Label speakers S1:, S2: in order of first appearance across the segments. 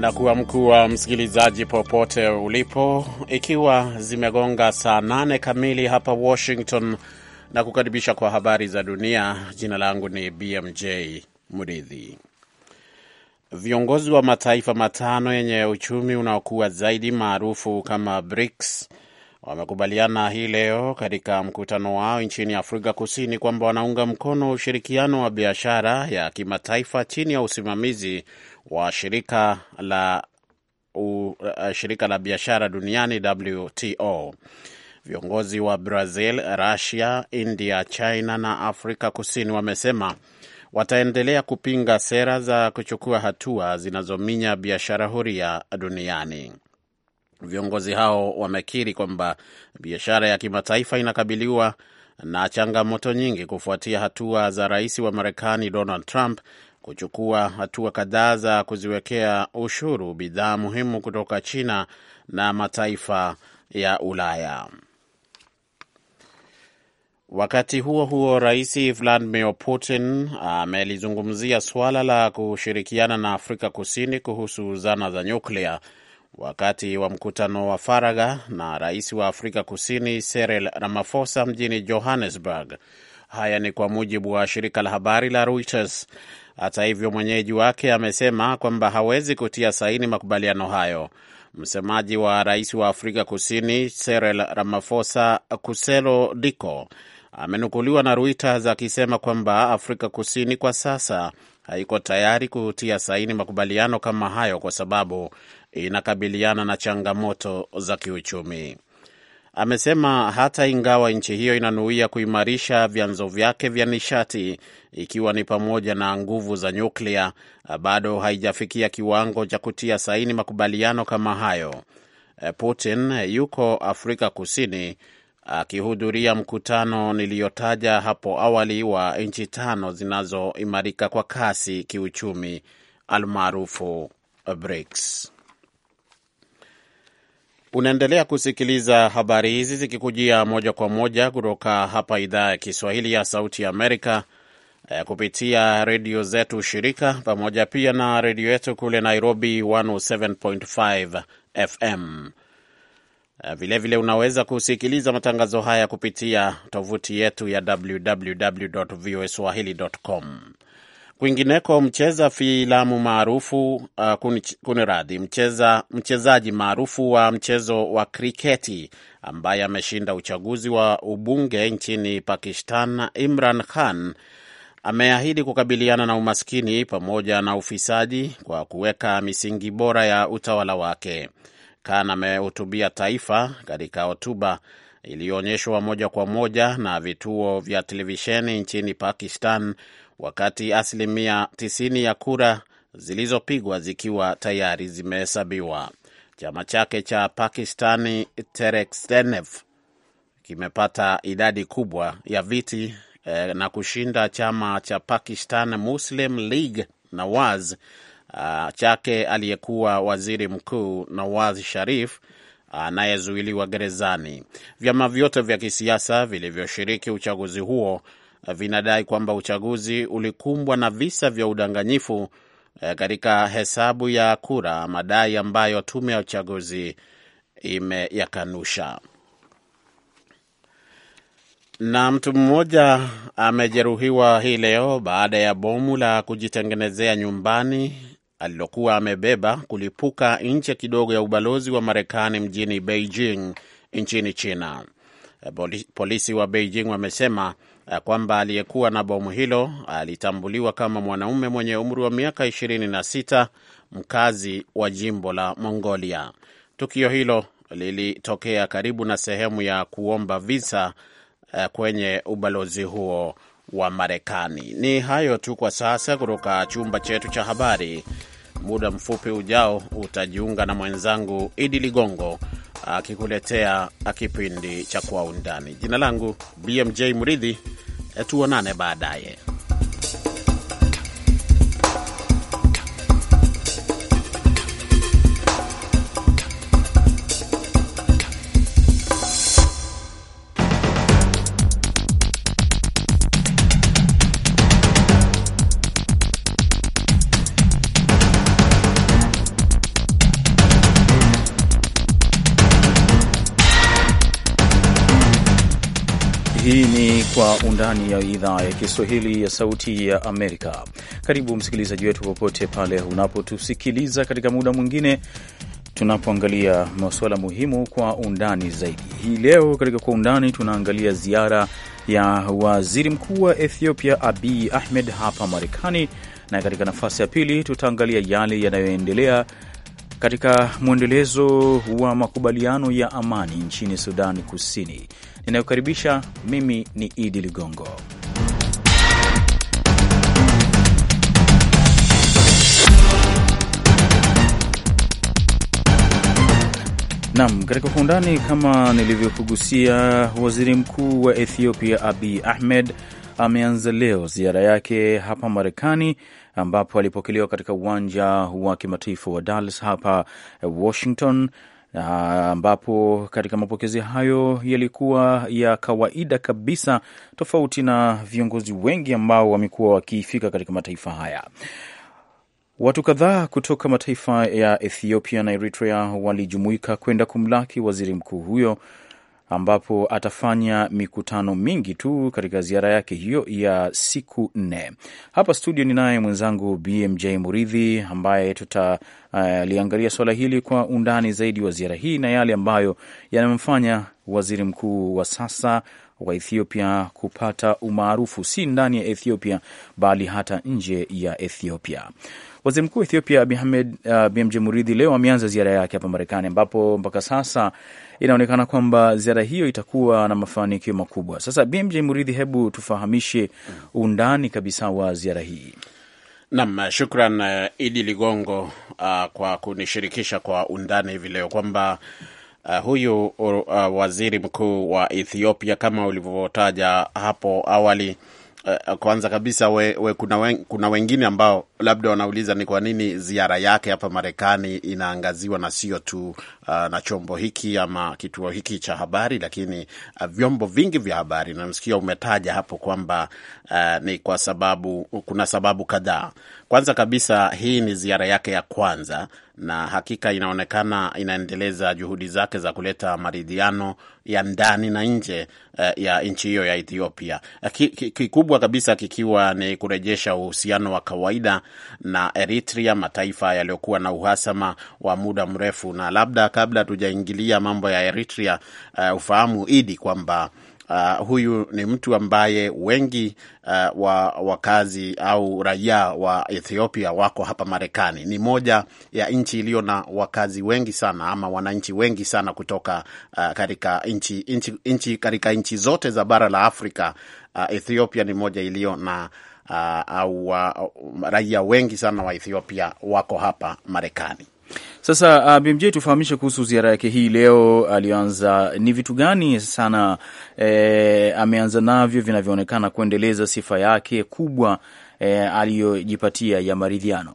S1: na kuwa mkuu wa msikilizaji popote ulipo, ikiwa zimegonga saa nane kamili hapa Washington na kukaribisha kwa habari za dunia. Jina langu ni BMJ Muridhi. Viongozi wa mataifa matano yenye uchumi unaokuwa zaidi maarufu kama BRICS wamekubaliana hii leo katika mkutano wao nchini Afrika Kusini kwamba wanaunga mkono ushirikiano wa biashara ya kimataifa chini ya usimamizi wa shirika la, u, eh, shirika la biashara duniani WTO. Viongozi wa Brazil, Russia, India, China na Afrika Kusini wamesema wataendelea kupinga sera za kuchukua hatua zinazominya biashara huria duniani. Viongozi hao wamekiri kwamba biashara ya kimataifa inakabiliwa na changamoto nyingi kufuatia hatua za rais wa Marekani Donald Trump kuchukua hatua kadhaa za kuziwekea ushuru bidhaa muhimu kutoka China na mataifa ya Ulaya. Wakati huo huo, Rais Vladimir Putin amelizungumzia suala la kushirikiana na Afrika Kusini kuhusu zana za nyuklia wakati wa mkutano wa faragha na rais wa Afrika Kusini Cyril Ramaphosa mjini Johannesburg. Haya ni kwa mujibu wa shirika la habari la Reuters hata hivyo, mwenyeji wake amesema kwamba hawezi kutia saini makubaliano hayo. Msemaji wa rais wa Afrika Kusini Cyril Ramaphosa Kuselo Diko amenukuliwa na Reuters akisema kwamba Afrika Kusini kwa sasa haiko tayari kutia saini makubaliano kama hayo kwa sababu inakabiliana na changamoto za kiuchumi amesema hata ingawa nchi hiyo inanuia kuimarisha vyanzo vyake vya nishati ikiwa ni pamoja na nguvu za nyuklia, bado haijafikia kiwango cha kutia saini makubaliano kama hayo. Eh, Putin yuko Afrika Kusini akihudhuria mkutano niliyotaja hapo awali wa nchi tano zinazoimarika kwa kasi kiuchumi almaarufu eh, BRICS. Unaendelea kusikiliza habari hizi zikikujia moja kwa moja kutoka hapa idhaa ya Kiswahili ya Sauti ya Amerika eh, kupitia redio zetu shirika pamoja pia na redio yetu kule Nairobi 107.5 FM. Vilevile vile unaweza kusikiliza matangazo haya kupitia tovuti yetu ya www voa swahili.com. Kwingineko, mcheza filamu maarufu uh, radhi mcheza mchezaji maarufu wa mchezo wa kriketi ambaye ameshinda uchaguzi wa ubunge nchini Pakistan, Imran Khan ameahidi kukabiliana na umaskini pamoja na ufisadi kwa kuweka misingi bora ya utawala wake. Khan amehutubia taifa katika hotuba iliyoonyeshwa moja kwa moja na vituo vya televisheni nchini Pakistan wakati asilimia 90 ya kura zilizopigwa zikiwa tayari zimehesabiwa. Chama chake cha Pakistani tehreek kimepata idadi kubwa ya viti eh, na kushinda chama cha Pakistan Muslim League Nawaz ah, chake aliyekuwa waziri mkuu Nawaz Sharif anayezuiliwa gerezani. Vyama vyote vya kisiasa vilivyoshiriki uchaguzi huo vinadai kwamba uchaguzi ulikumbwa na visa vya udanganyifu eh, katika hesabu ya kura, madai ambayo tume ya uchaguzi imeyakanusha. Na mtu mmoja amejeruhiwa hii leo baada ya bomu la kujitengenezea nyumbani alilokuwa amebeba kulipuka nje kidogo ya ubalozi wa Marekani mjini Beijing nchini China. Eh, polisi wa Beijing wamesema Eh, kwamba aliyekuwa na bomu hilo alitambuliwa kama mwanaume mwenye umri wa miaka 26 mkazi wa jimbo la Mongolia. Tukio hilo lilitokea karibu na sehemu ya kuomba visa eh, kwenye ubalozi huo wa Marekani. Ni hayo tu kwa sasa kutoka chumba chetu cha habari muda mfupi ujao utajiunga na mwenzangu Idi Ligongo akikuletea kipindi cha Kwa Undani. Jina langu BMJ Muridhi, eh, tuonane baadaye.
S2: Hii ni Kwa Undani ya idhaa ya Kiswahili ya Sauti ya Amerika. Karibu msikilizaji wetu popote pale unapotusikiliza katika muda mwingine tunapoangalia masuala muhimu kwa undani zaidi. Hii leo katika Kwa Undani tunaangalia ziara ya waziri mkuu wa Ethiopia Abiy Ahmed hapa Marekani, na katika nafasi ya pili tutaangalia yale yanayoendelea katika mwendelezo wa makubaliano ya amani nchini Sudan Kusini ninayokaribisha mimi ni Idi Ligongo. Nam, katika kwa undani, kama nilivyokugusia, waziri mkuu wa Ethiopia Abiy Ahmed ameanza leo ziara yake hapa Marekani, ambapo alipokelewa katika uwanja wa kimataifa wa Dallas hapa Washington ambapo katika mapokezi hayo yalikuwa ya kawaida kabisa, tofauti na viongozi wengi ambao wamekuwa wakifika katika mataifa haya. Watu kadhaa kutoka mataifa ya Ethiopia na Eritrea walijumuika kwenda kumlaki waziri mkuu huyo ambapo atafanya mikutano mingi tu katika ziara yake hiyo ya siku nne. Hapa studio ni naye mwenzangu BMJ Muridhi ambaye tutaliangalia uh, suala hili kwa undani zaidi wa ziara hii na yale ambayo yanamfanya waziri mkuu wa sasa wa Ethiopia kupata umaarufu si ndani ya Ethiopia bali hata nje ya Ethiopia. Waziri mkuu wa Ethiopia Abiy Ahmed uh, BMJ Muridhi leo ameanza ziara yake hapa Marekani, ambapo mpaka sasa inaonekana kwamba ziara hiyo itakuwa na mafanikio makubwa. Sasa BMJ Muridhi, hebu tufahamishe undani kabisa wa ziara hii.
S1: Nam, shukran uh, Idi Ligongo, uh, kwa kunishirikisha kwa undani hivi leo kwamba Uh, huyu uh, waziri mkuu wa Ethiopia kama ulivyotaja hapo awali uh, kwanza kabisa we, we, kuna, wen, kuna wengine ambao labda wanauliza ni kwa nini ziara yake hapa Marekani inaangaziwa na sio tu uh, na chombo hiki ama kituo hiki cha habari, lakini uh, vyombo vingi vya habari. Namsikia umetaja hapo kwamba uh, ni kwa sababu kuna sababu kadhaa. Kwanza kabisa hii ni ziara yake ya kwanza na hakika inaonekana inaendeleza juhudi zake za kuleta maridhiano ya ndani na nje eh, ya nchi hiyo ya Ethiopia, eh, kikubwa kabisa kikiwa ni kurejesha uhusiano wa kawaida na Eritrea, mataifa yaliyokuwa na uhasama wa muda mrefu. Na labda kabla tujaingilia mambo ya Eritrea, uh, ufahamu Idi kwamba Uh, huyu ni mtu ambaye wengi uh, wa wakazi au raia wa Ethiopia wako hapa Marekani. Ni moja ya nchi iliyo na wakazi wengi sana ama wananchi wengi sana kutoka uh, katika nchi, nchi, nchi, katika nchi zote za bara la Afrika. Uh, Ethiopia ni moja iliyo na uh, au uh, raia wengi sana wa Ethiopia wako hapa Marekani.
S2: Sasa uh, BMJ tufahamishe kuhusu ziara yake hii leo aliyoanza, ni vitu gani sana e, ameanza navyo vinavyoonekana kuendeleza sifa yake kubwa e, aliyojipatia ya maridhiano.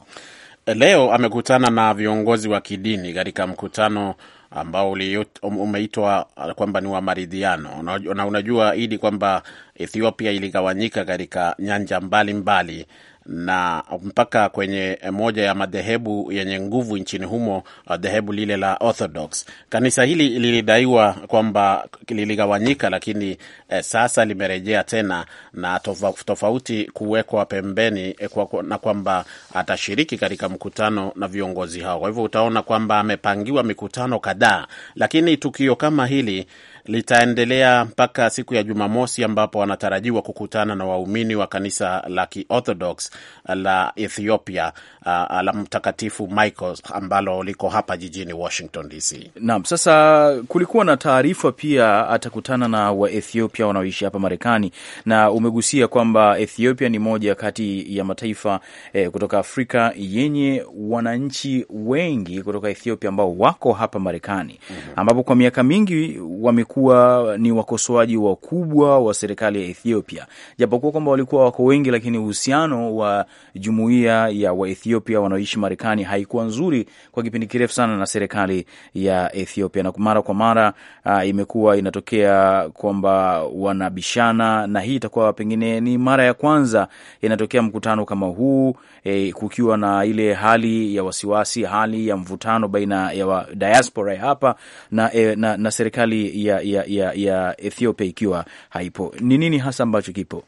S1: Leo amekutana na viongozi wa kidini katika mkutano ambao umeitwa kwamba ni wa maridhiano, na unajua Idi kwamba Ethiopia iligawanyika katika nyanja mbalimbali mbali na mpaka kwenye moja ya madhehebu yenye nguvu nchini humo, uh, dhehebu lile la Orthodox. Kanisa hili lilidaiwa kwamba liligawanyika, lakini eh, sasa limerejea tena na tofauti kuwekwa pembeni eh, kwa, na kwamba atashiriki katika mkutano na viongozi hao. Kwa hivyo utaona kwamba amepangiwa mikutano kadhaa, lakini tukio kama hili litaendelea mpaka siku ya Jumamosi ambapo wanatarajiwa kukutana na waumini wa kanisa la Kiorthodox la Ethiopia uh, la Mtakatifu Michael ambalo liko hapa jijini Washington DC.
S2: Naam, sasa kulikuwa na taarifa pia atakutana na Waethiopia wanaoishi hapa Marekani, na umegusia kwamba Ethiopia ni moja kati ya mataifa eh, kutoka Afrika yenye wananchi wengi kutoka Ethiopia ambao wako hapa Marekani, mm -hmm. ambapo kwa miaka mingi wame walikuwa ni wakosoaji wakubwa wa serikali ya Ethiopia, japokuwa kwamba walikuwa wako wengi, lakini uhusiano wa jumuiya ya Waethiopia wanaoishi Marekani haikuwa nzuri kwa kipindi kirefu sana na serikali ya Ethiopia, na mara kwa mara uh, imekuwa inatokea kwamba wanabishana, na hii itakuwa pengine ni mara ya kwanza inatokea mkutano kama huu e, kukiwa na ile hali ya wasiwasi, hali ya mvutano baina ya diaspora ya hapa na, e, na, na serikali ya, ya, ya, ya Ethiopia ikiwa haipo. Ni nini hasa ambacho kipo?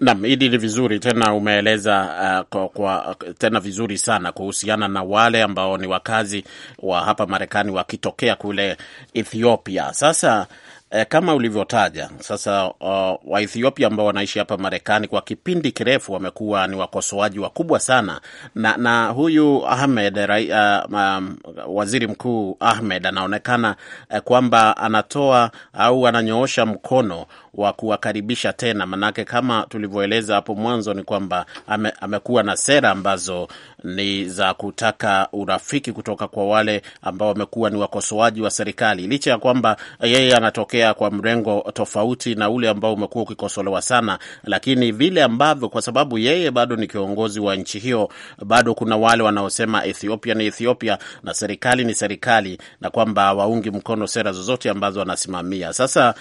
S1: Naam, hili ni vizuri tena umeeleza uh, kwa, kwa, tena vizuri sana kuhusiana na wale ambao ni wakazi wa hapa Marekani wakitokea kule Ethiopia. Sasa E, kama ulivyotaja sasa, uh, Waethiopia ambao wanaishi hapa Marekani kwa kipindi kirefu wamekuwa ni wakosoaji wakubwa sana na, na huyu Ahmed rai, uh, um, waziri mkuu Ahmed anaonekana uh, kwamba anatoa au ananyoosha mkono wa kuwakaribisha tena, manake kama tulivyoeleza hapo mwanzo ni kwamba ame, amekuwa na sera ambazo ni za kutaka urafiki kutoka kwa wale ambao wamekuwa ni wakosoaji wa serikali, licha ya kwamba yeye anatokea kwa mrengo tofauti na ule ambao umekuwa ukikosolewa sana, lakini vile ambavyo, kwa sababu yeye bado ni kiongozi wa nchi hiyo, bado kuna wale wanaosema Ethiopia ni Ethiopia na serikali ni serikali, na kwamba waungi mkono sera zozote ambazo wanasimamia sasa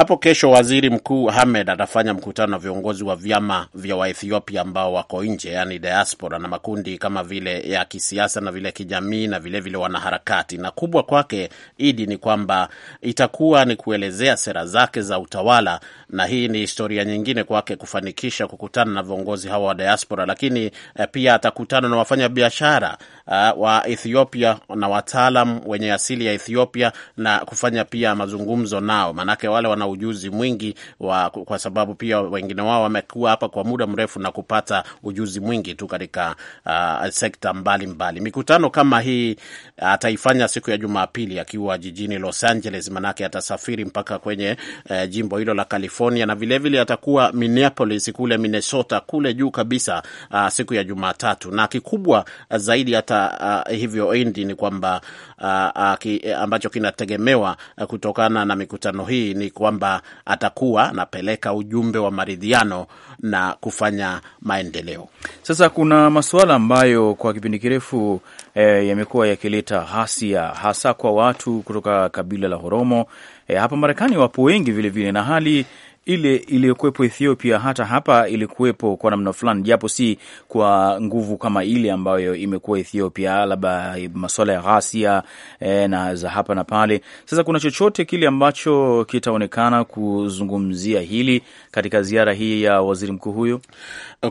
S1: hapo kesho waziri mkuu Hamed atafanya mkutano na viongozi wa vyama vya Waethiopia ambao wako nje, yani diaspora, na makundi kama vile ya kisiasa na vile kijamii na vilevile vile wanaharakati. Na kubwa kwake Idi ni kwamba itakuwa ni kuelezea sera zake za utawala, na hii ni historia nyingine kwake kufanikisha kukutana na viongozi hawa wa diaspora. Lakini eh, pia atakutana na wafanyabiashara uh, wa Ethiopia na wataalam wenye asili ya Ethiopia na kufanya pia mazungumzo nao, maanake wale wana ujuzi mwingi wa, kwa sababu pia wengine wao wamekuwa hapa kwa muda mrefu na kupata ujuzi mwingi tu katika uh, sekta mbalimbali mbali. Mikutano kama hii ah, ataifanya siku ya Jumapili akiwa jijini Los Angeles, manake atasafiri mpaka kwenye uh, jimbo hilo la California na vilevile vile atakuwa Minneapolis kule Minnesota kule juu kabisa uh, siku ya Jumatatu na kikubwa zaidi hata uh, hivyo Indi ni kwamba uh, uh, ki, ambacho kinategemewa uh, kutokana na mikutano hii ni kwa kwamba atakuwa anapeleka ujumbe
S2: wa maridhiano na kufanya maendeleo. Sasa kuna masuala ambayo kwa kipindi kirefu e, yamekuwa yakileta hasia hasa kwa watu kutoka kabila la Horomo e, hapa Marekani wapo wengi vilevile na hali ile iliyokuwepo Ethiopia hata hapa ilikuwepo kwa namna fulani, japo si kwa nguvu kama ile ambayo imekuwa Ethiopia, labda masuala ya ghasia e, na za hapa na pale. Sasa kuna chochote kile ambacho kitaonekana kuzungumzia hili katika ziara hii ya waziri mkuu huyo?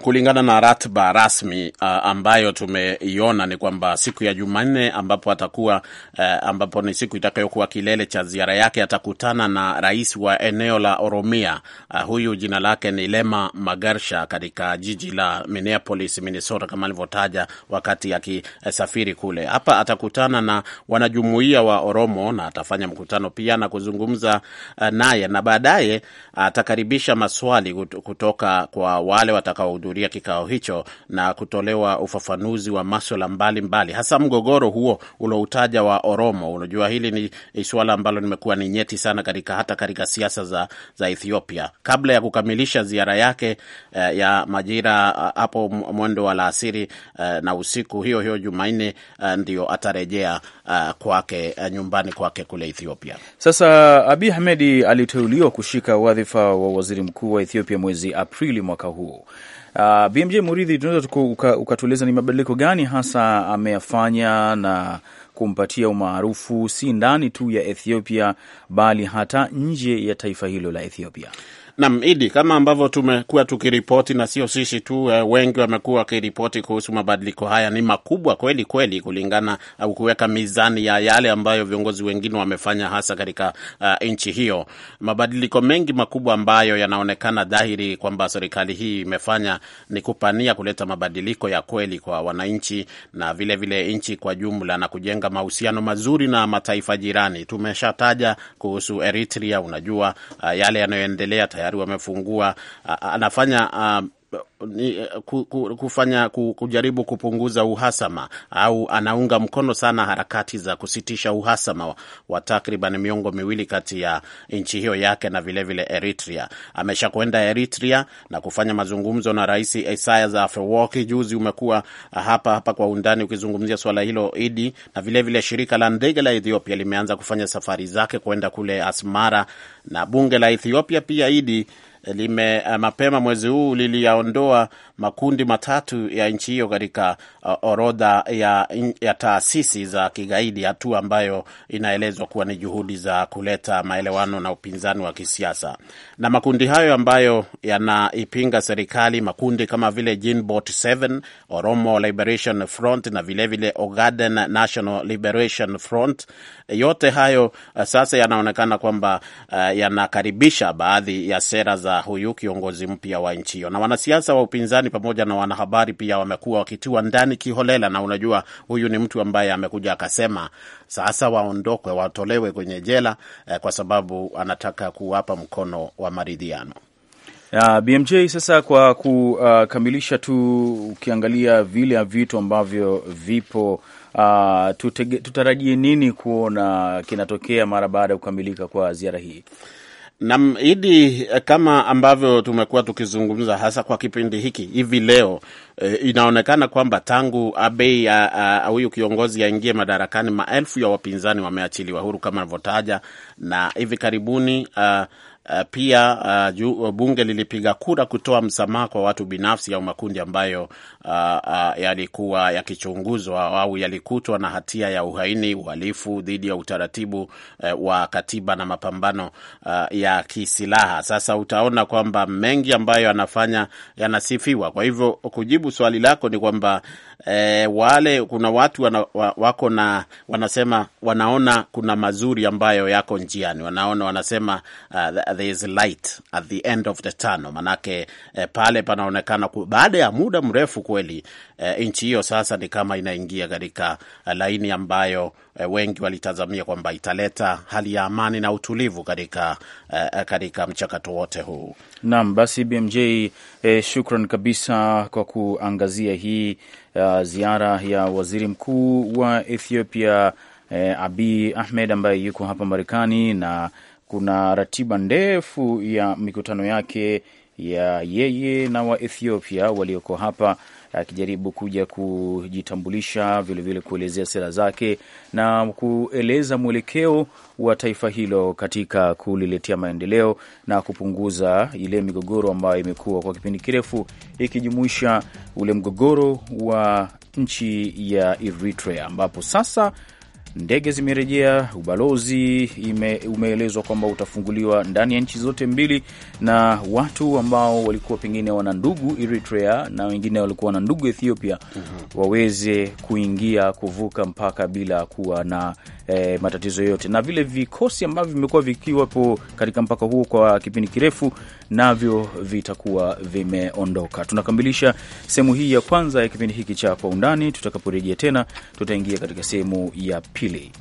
S2: Kulingana na ratiba rasmi uh, ambayo
S1: tumeiona ni kwamba siku ya Jumanne ambapo atakuwa uh, ambapo ni siku itakayokuwa kilele cha ziara yake, atakutana na rais wa eneo la Oromia uh, huyu jina lake ni Lema Magarsha katika jiji la Minneapolis, Minnesota, kama alivyotaja wakati akisafiri kule. Hapa atakutana na wanajumuia wa Oromo na atafanya mkutano pia na kuzungumza uh, naye na baadaye atakaribisha uh, maswali kutoka kwa wale watakaohudhuria kikao hicho na kutolewa ufafanuzi wa maswala mbalimbali, hasa mgogoro huo ulioutaja wa Oromo. Unajua hili ni suala ambalo nimekuwa ni nyeti sana katika hata katika siasa za, za Ethiopia Ethiopia kabla ya kukamilisha ziara yake eh, ya majira eh, hapo mwendo wa alasiri eh, na usiku hiyo hiyo Jumanne eh, ndio atarejea eh, kwake eh, nyumbani kwake kule Ethiopia.
S2: Sasa abi Ahmed aliteuliwa kushika wadhifa wa waziri mkuu wa Ethiopia mwezi Aprili mwaka huu. Uh, ah, BMJ Muridhi, tunaweza ukatueleza ni mabadiliko gani hasa ameyafanya na kumpatia umaarufu si ndani tu ya Ethiopia bali hata nje ya taifa hilo la Ethiopia. Naam, Idi, kama
S1: ambavyo tumekuwa tukiripoti na sio sisi tu eh, wengi wamekuwa wakiripoti kuhusu mabadiliko haya. Ni makubwa kweli kweli, kulingana au kuweka mizani ya yale ambayo viongozi wengine wamefanya, hasa katika uh, nchi hiyo. Mabadiliko mengi makubwa ambayo yanaonekana dhahiri kwamba serikali hii imefanya ni kupania kuleta mabadiliko ya kweli kwa wananchi na vilevile vile nchi kwa jumla na kujenga mahusiano mazuri na mataifa jirani. Tumeshataja kuhusu Eritrea, unajua uh, yale yanayoendelea tayari tayari wamefungua, anafanya ni, eh, ku, ku, kufanya ku, kujaribu kupunguza uhasama au anaunga mkono sana harakati za kusitisha uhasama wa, wa takriban miongo miwili kati ya nchi hiyo yake na vilevile vile Eritrea. Amesha kwenda Eritrea na kufanya mazungumzo na Rais Isaias Afwerki. Juzi umekuwa hapa hapa kwa undani ukizungumzia swala hilo Idi, na vilevile vile shirika la ndege la Ethiopia limeanza kufanya safari zake kwenda kule Asmara na bunge la Ethiopia pia Idi lime eh, mapema mwezi huu liliyaondoa makundi matatu ya nchi hiyo katika uh, orodha ya, ya taasisi za kigaidi, hatua ambayo inaelezwa kuwa ni juhudi za kuleta maelewano na upinzani wa kisiasa. Na makundi hayo ambayo yanaipinga serikali, makundi kama vile Jinbot 7, Oromo Liberation Front na vilevile Ogaden National Liberation Front, yote hayo uh, sasa yanaonekana kwamba uh, yanakaribisha baadhi ya sera za huyu kiongozi mpya wa nchi hiyo. Na wanasiasa wa upinzani pamoja na wanahabari pia wamekuwa wakitiwa ndani kiholela, na unajua huyu ni mtu ambaye amekuja akasema sasa waondokwe, watolewe
S2: kwenye jela eh, kwa sababu anataka kuwapa mkono wa maridhiano. Uh, BMJ sasa kwa kukamilisha uh, tu ukiangalia vile vitu ambavyo vipo uh, tutarajie nini kuona kinatokea mara baada ya kukamilika kwa ziara hii? Nam Idi, kama ambavyo
S1: tumekuwa tukizungumza hasa kwa kipindi hiki hivi leo e, inaonekana kwamba tangu Abei huyu kiongozi aingie madarakani, maelfu ya wapinzani wameachiliwa huru kama anavyotaja, na hivi karibuni a, Eh, pia uh, ju, eh, bunge lilipiga kura kutoa msamaha kwa watu binafsi au makundi ambayo uh, uh, yalikuwa yakichunguzwa au yalikutwa na hatia ya uhaini, uhalifu dhidi ya utaratibu uh, wa katiba na mapambano uh, ya kisilaha. Sasa utaona kwamba mengi ambayo anafanya yanasifiwa. Kwa hivyo kujibu swali lako ni kwamba e, wale kuna watu wana, wako na wanasema wanaona kuna mazuri ambayo yako njiani, wanaona wanasema uh, there is light at the end of the tunnel. Manake eh, pale panaonekana baada ya muda mrefu kweli eh, nchi hiyo sasa ni kama inaingia katika eh, laini ambayo eh, wengi walitazamia kwamba italeta
S2: hali ya amani na utulivu katika eh, eh katika mchakato wote huu. Naam, basi BMJ, eh, shukran kabisa kwa kuangazia hii uh, ziara ya waziri mkuu wa Ethiopia eh, Abiy Ahmed ambaye yuko hapa Marekani na kuna ratiba ndefu ya mikutano yake ya yeye na Waethiopia walioko hapa akijaribu kuja kujitambulisha, vilevile kuelezea sera zake na kueleza mwelekeo wa taifa hilo katika kuliletea maendeleo na kupunguza ile migogoro ambayo imekuwa kwa kipindi kirefu ikijumuisha ule mgogoro wa nchi ya Eritrea ambapo sasa Ndege zimerejea, ubalozi umeelezwa kwamba utafunguliwa ndani ya nchi zote mbili, na watu ambao walikuwa pengine wana ndugu Eritrea na wengine walikuwa wana ndugu Ethiopia, mm -hmm. waweze kuingia kuvuka mpaka bila kuwa na eh, matatizo yote, Na vile vikosi ambavyo vimekuwa vikiwapo katika mpaka huo kwa kipindi kirefu navyo vitakuwa vimeondoka. Tunakamilisha sehemu hii ya kwanza ya kipindi hiki cha Kwa Undani. Tutakaporejea tena, tutaingia katika sehemu ya pili.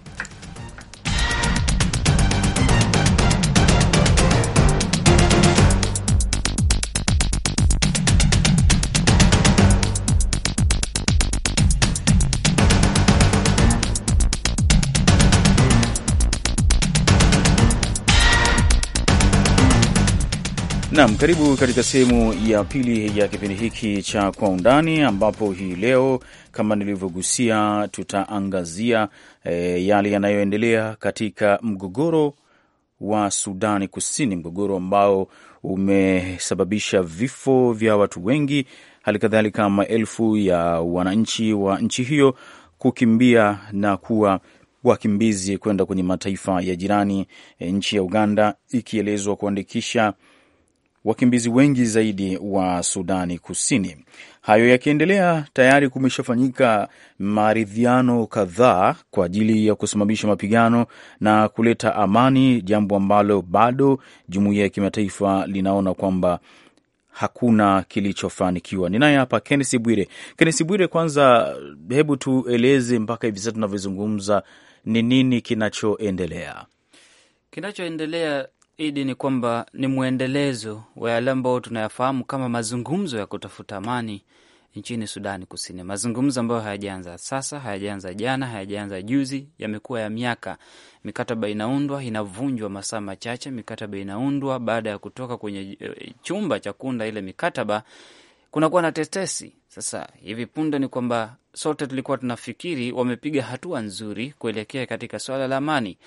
S2: Naam, karibu katika sehemu ya pili ya kipindi hiki cha Kwa Undani, ambapo hii leo kama nilivyogusia, tutaangazia e, yale yanayoendelea katika mgogoro wa Sudani Kusini, mgogoro ambao umesababisha vifo vya watu wengi, hali kadhalika maelfu ya wananchi wa nchi hiyo kukimbia na kuwa wakimbizi kwenda kwenye mataifa ya jirani. E, nchi ya Uganda ikielezwa kuandikisha wakimbizi wengi zaidi wa Sudani Kusini. Hayo yakiendelea, tayari kumeshafanyika maridhiano kadhaa kwa ajili ya kusimamisha mapigano na kuleta amani, jambo ambalo bado jumuiya ya kimataifa linaona kwamba hakuna kilichofanikiwa. Ninaye hapa Kenneth Bwire. Kenneth Bwire, kwanza hebu tueleze mpaka hivi sasa tunavyozungumza, ni nini kinachoendelea?
S3: Kinachoendelea Idi, ni kwamba ni mwendelezo wa yale ambayo tunayafahamu kama mazungumzo ya kutafuta amani nchini Sudani Kusini, mazungumzo ambayo hayajaanza sasa, hayajaanza jana, hayajaanza juzi, yamekuwa ya miaka. Mikataba inaundwa inavunjwa masaa machache, mikataba inaundwa. Baada ya kutoka kwenye eh, chumba cha kuunda ile mikataba, kunakuwa na tetesi. Sasa hivi punde ni kwamba sote tulikuwa tunafikiri wamepiga hatua nzuri kuelekea katika swala la amani,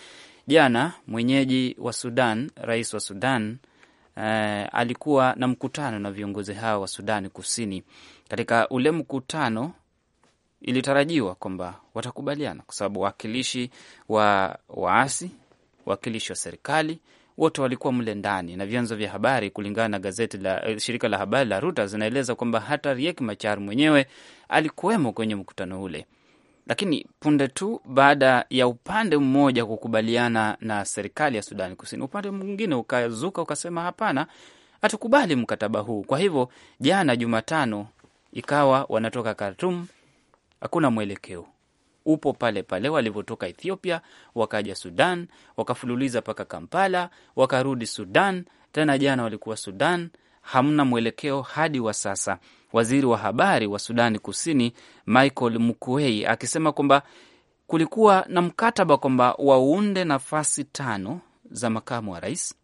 S3: Jana mwenyeji wa Sudan, rais wa Sudan eh, alikuwa na mkutano na viongozi hao wa Sudani Kusini. Katika ule mkutano ilitarajiwa kwamba watakubaliana, kwa sababu wawakilishi wa waasi, wawakilishi wa serikali wote walikuwa mle ndani, na vyanzo vya habari kulingana na gazeti la eh, shirika la habari la Reuters zinaeleza kwamba hata Riek Machar mwenyewe alikuwemo kwenye mkutano ule. Lakini punde tu baada ya upande mmoja kukubaliana na serikali ya Sudani Kusini, upande mwingine ukazuka ukasema hapana, hatukubali mkataba huu. Kwa hivyo jana Jumatano ikawa wanatoka Khartoum, hakuna mwelekeo upo pale pale walivyotoka Ethiopia, wakaja Sudan, wakafululiza mpaka Kampala, wakarudi Sudan tena, jana walikuwa Sudan. Hamna mwelekeo hadi wa sasa waziri wa habari wa Sudani Kusini Michael Mukuei akisema kwamba kulikuwa na mkataba kwamba waunde nafasi tano za makamu wa rais,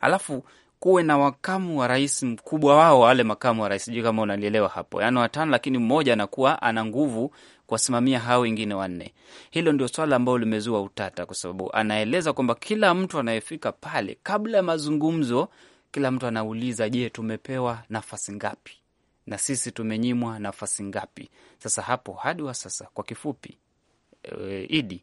S3: alafu kuwe na wakamu wa rais mkubwa wao wale makamu wa rais, sijui kama unalielewa hapo, yaani watano, lakini mmoja anakuwa ana nguvu kuwasimamia hao wengine wanne. Hilo ndio swala ambalo limezua utata, kwa sababu anaeleza kwamba kila mtu anayefika pale, kabla ya mazungumzo, kila mtu anauliza, je, tumepewa nafasi ngapi? na sisi tumenyimwa nafasi ngapi? Sasa hapo hadi wa sasa, kwa kifupi e, idi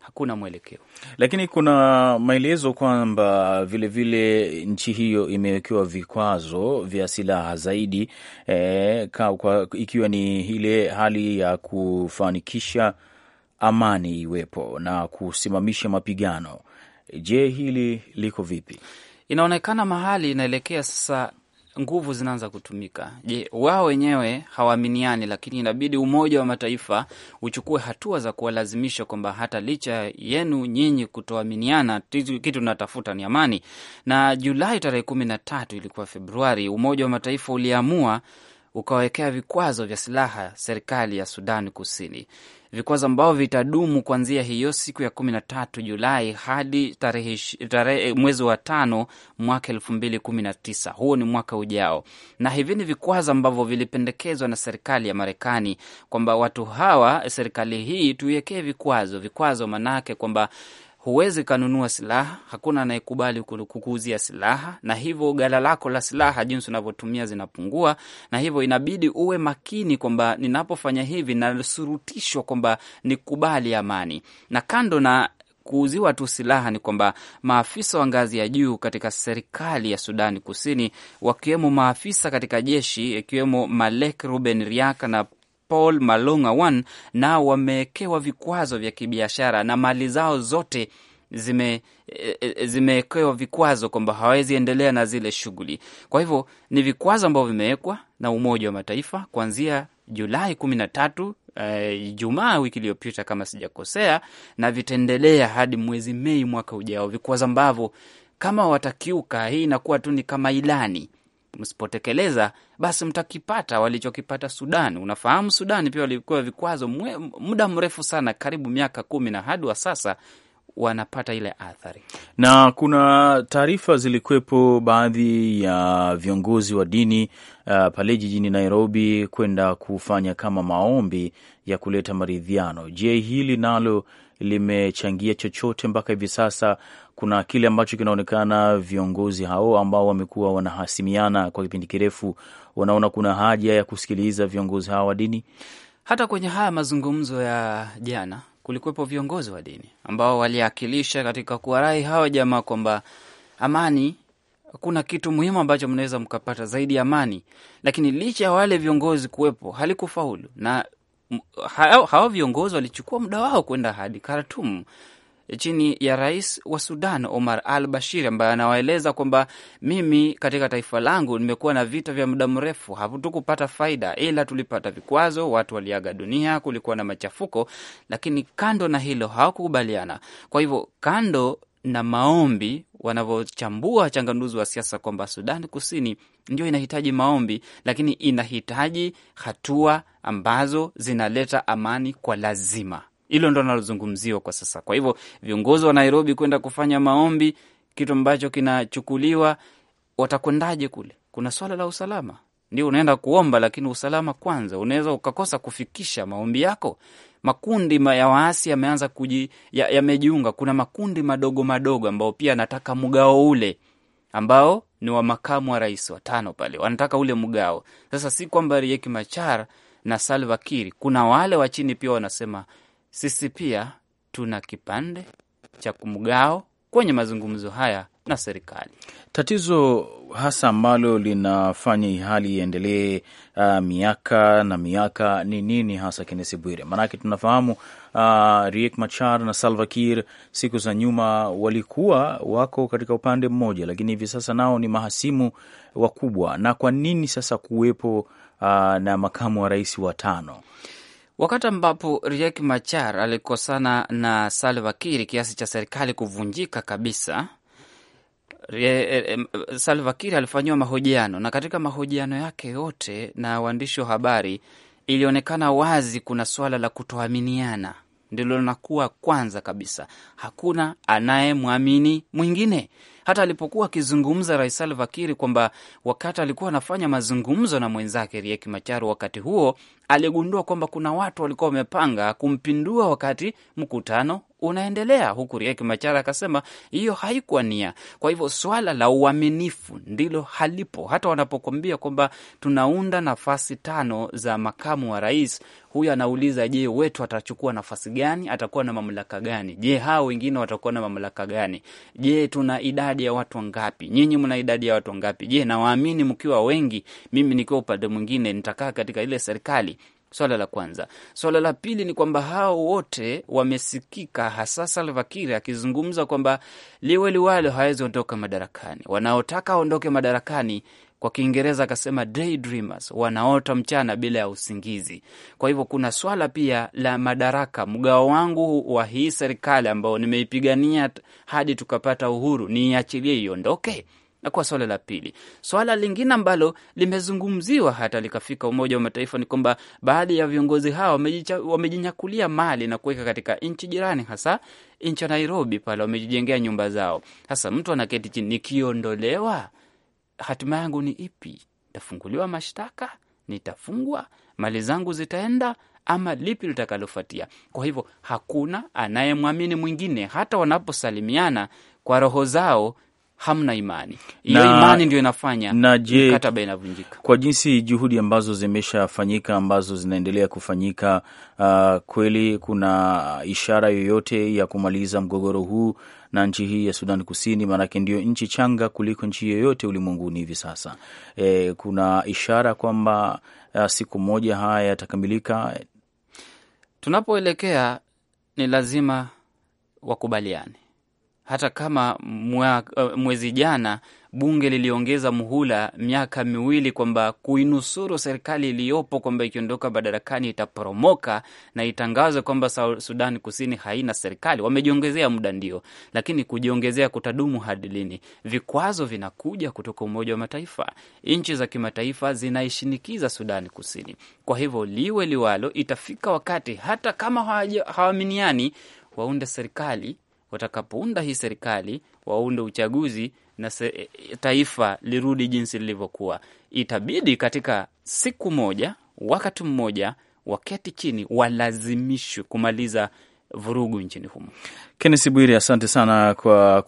S3: hakuna mwelekeo,
S2: lakini kuna maelezo kwamba vilevile nchi hiyo imewekewa vikwazo vya silaha zaidi e, ka, kwa, ikiwa ni ile hali ya kufanikisha amani iwepo na kusimamisha mapigano. Je, hili liko vipi?
S3: Inaonekana mahali inaelekea sasa nguvu zinaanza kutumika. Je, wao wenyewe hawaaminiani, lakini inabidi Umoja wa Mataifa uchukue hatua za kuwalazimisha kwamba hata licha yenu nyinyi kutoaminiana, kitu natafuta ni amani. Na Julai tarehe kumi na tatu ilikuwa Februari, Umoja wa Mataifa uliamua ukawekea vikwazo vya silaha serikali ya Sudan Kusini, vikwazo ambavyo vitadumu kuanzia hiyo siku ya kumi na tatu Julai hadi tarehe mwezi wa tano mwaka elfu mbili kumi na tisa. Huo ni mwaka ujao, na hivi ni vikwazo ambavyo vilipendekezwa na serikali ya Marekani kwamba watu hawa, serikali hii tuiwekee vikwazo vikwazo, maanake kwamba huwezi kanunua silaha, hakuna anayekubali kukuuzia silaha, na hivyo gala lako la silaha, jinsi unavyotumia zinapungua, na hivyo inabidi uwe makini kwamba ninapofanya hivi nasurutishwa kwamba nikubali amani. Na kando na kuuziwa tu silaha ni kwamba maafisa wa ngazi ya juu katika serikali ya Sudani Kusini, wakiwemo maafisa katika jeshi, ikiwemo Malek Ruben Riak na Paul Malonga One nao wamewekewa vikwazo vya kibiashara na mali zao zote eh, eh, zimewekewa zime vikwazo kwamba hawawezi endelea na zile shughuli. Kwa hivyo ni vikwazo ambavyo vimewekwa na Umoja wa Mataifa kuanzia Julai kumi na tatu eh, Ijumaa uh, wiki iliyopita kama sijakosea, na vitaendelea hadi mwezi Mei mwaka ujao, vikwazo ambavyo kama watakiuka, hii inakuwa tu ni kama ilani msipotekeleza basi mtakipata walichokipata Sudani. Unafahamu Sudani pia walikuwa vikwazo muda mrefu sana, karibu miaka kumi, na hadi wa sasa wanapata ile athari.
S2: Na kuna taarifa zilikuwepo baadhi ya viongozi wa dini uh, pale jijini Nairobi kwenda kufanya kama maombi ya kuleta maridhiano. Je, hili nalo limechangia chochote mpaka hivi sasa? Kuna kile ambacho kinaonekana viongozi hao ambao wamekuwa wanahasimiana kwa kipindi kirefu, wanaona kuna haja ya kusikiliza viongozi hao wa dini.
S3: Hata kwenye haya mazungumzo ya jana kulikuwepo viongozi wa dini
S2: ambao waliakilisha katika
S3: kuwarai hawa jamaa kwamba amani kuna kitu muhimu ambacho mnaweza mkapata zaidi ya amani, lakini licha ya wale viongozi kuwepo halikufaulu, na hawa, viongozi walichukua muda wao kwenda hadi Khartum chini ya rais wa Sudan Omar al Bashir, ambaye anawaeleza kwamba mimi katika taifa langu nimekuwa na vita vya muda mrefu, hatukupata faida, ila tulipata vikwazo, watu waliaga dunia, kulikuwa na machafuko, lakini kando na hilo hawakukubaliana. Kwa hivyo kando na maombi wanavyochambua changanuzi wa siasa kwamba Sudan Kusini ndio inahitaji maombi, lakini inahitaji hatua ambazo zinaleta amani kwa lazima. Hilo ndo analozungumziwa kwa sasa. Kwa hivyo viongozi wa Nairobi kwenda kufanya maombi, kitu ambacho kinachukuliwa, watakwendaje kule? Kuna swala la usalama ndio unaenda kuomba, lakini usalama kwanza. Unaweza ukakosa kufikisha maombi yako. Makundi ya waasi yameanza yamejiunga, ya kuna makundi madogo madogo ambao pia anataka mgao ule ambao ni wa makamu wa rais watano pale, wanataka ule mgao. Sasa si kwamba Riek Machar na Salva Kiir, kuna wale wa chini pia wanasema sisi pia tuna kipande cha mgao kwenye mazungumzo haya na serikali.
S2: Tatizo hasa ambalo linafanya hali iendelee uh, miaka na miaka ni nini hasa, Kenesi Bwire? Maanake tunafahamu uh, Riek Machar na Salva Kiir siku za nyuma walikuwa wako katika upande mmoja, lakini hivi sasa nao ni mahasimu wakubwa. Na kwa nini sasa kuwepo uh, na makamu wa rais watano wakati
S3: ambapo Riek Machar alikosana na Salva Kiir kiasi cha serikali kuvunjika kabisa Eh, eh, Salva Kiir alifanyiwa mahojiano na katika mahojiano yake yote na waandishi wa habari ilionekana wazi kuna swala la kutoaminiana ndilo linakuwa kwanza kabisa. Hakuna anayemwamini mwingine. Hata alipokuwa akizungumza Rais Salva Kiir kwamba wakati alikuwa anafanya mazungumzo na mwenzake Riek Machar, wakati huo aligundua kwamba kuna watu walikuwa wamepanga kumpindua wakati mkutano unaendelea, huku Riek Machar akasema hiyo haikuwa nia. Kwa hivyo swala la uaminifu ndilo halipo, hata wanapokwambia kwamba tunaunda nafasi tano za makamu wa rais. Huyu anauliza, je, wetu atachukua nafasi gani? Atakuwa na mamlaka gani? Je, hao wengine watakuwa na mamlaka gani? Je, tuna idadi ya watu wangapi? Nyinyi mna idadi ya watu wangapi Je, nawaamini mkiwa wengi, mimi nikiwa upande mwingine nitakaa katika ile serikali Swala la kwanza. Swala la pili ni kwamba hao wote wamesikika, hasa Salva Kiir akizungumza kwamba liwe liwalo, hawezi ondoka madarakani. Wanaotaka aondoke madarakani kwa Kiingereza akasema daydreamers, wanaota mchana bila ya usingizi. Kwa hivyo kuna swala pia la madaraka, mgao wangu wa hii serikali ambao nimeipigania hadi tukapata uhuru, niiachilie iondoke? kwa swala la pili. Swala lingine ambalo limezungumziwa hata likafika Umoja wa Mataifa ni kwamba baadhi ya viongozi hawa wamejinyakulia mali na kuweka katika nchi jirani, hasa nchi ya Nairobi pale, wamejijengea nyumba zao. Sasa mtu anaketi chini, nikiondolewa, hatima yangu ni ipi? Nitafunguliwa mashtaka? Nitafungwa? mali zangu zitaenda ama lipi litakalofuatia? Kwa hivyo hakuna anayemwamini mwingine, hata wanaposalimiana kwa roho zao hamna imani. Hiyo imani ndio inafanya na je, mkataba inavunjika.
S2: Kwa jinsi juhudi ambazo zimeshafanyika ambazo zinaendelea kufanyika, uh, kweli kuna ishara yoyote ya kumaliza mgogoro huu na nchi hii ya Sudan Kusini? Maanake ndio nchi changa kuliko nchi yoyote ulimwenguni hivi sasa. E, kuna ishara kwamba uh, siku moja haya yatakamilika. Tunapoelekea ni lazima wakubaliane
S3: hata kama mwa, eh, mwezi jana bunge liliongeza muhula miaka miwili, kwamba kuinusuru serikali iliyopo kwamba ikiondoka madarakani itaporomoka na itangazwe kwamba Sudan Kusini haina serikali. Wamejiongezea muda ndio, lakini kujiongezea kutadumu hadi lini? Vikwazo vinakuja kutoka Umoja wa Mataifa, nchi za kimataifa zinaishinikiza Sudan Kusini. Kwa hivyo liwe liwalo, itafika wakati hata kama hawaaminiani waunde serikali watakapounda hii serikali waunde uchaguzi na se, e, taifa lirudi jinsi lilivyokuwa, itabidi katika siku moja, wakati mmoja, waketi chini, walazimishwe kumaliza vurugu nchini humo.
S2: Kennes bwiri asante sana kwa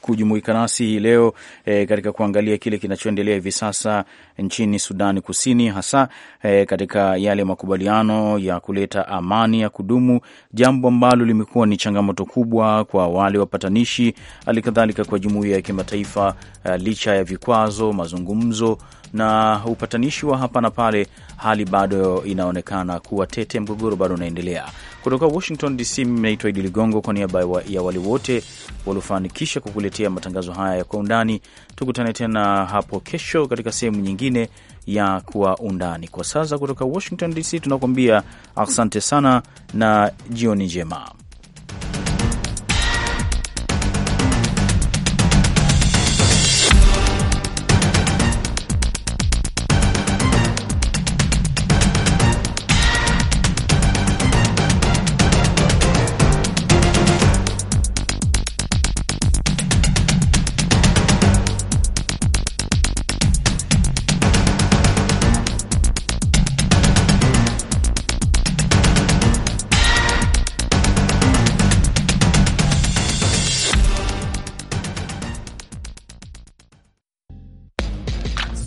S2: kujumuika nasi hii leo e, katika kuangalia kile kinachoendelea hivi sasa nchini Sudani Kusini, hasa e, katika yale makubaliano ya kuleta amani ya kudumu, jambo ambalo limekuwa ni changamoto kubwa kwa wale wapatanishi, hali kadhalika kwa jumuiya ya kimataifa, e, licha ya vikwazo, mazungumzo na upatanishi wa hapa na pale, hali bado inaonekana kuwa tete, mgogoro bado unaendelea. Kutoka Washington DC, naitwa Idi Ligongo mwenzangu kwa niaba ya wale wote waliofanikisha kukuletea matangazo haya ya kwa undani. Tukutane tena hapo kesho katika sehemu nyingine ya kwa undani. Kwa sasa kutoka Washington DC tunakuambia asante sana na jioni njema.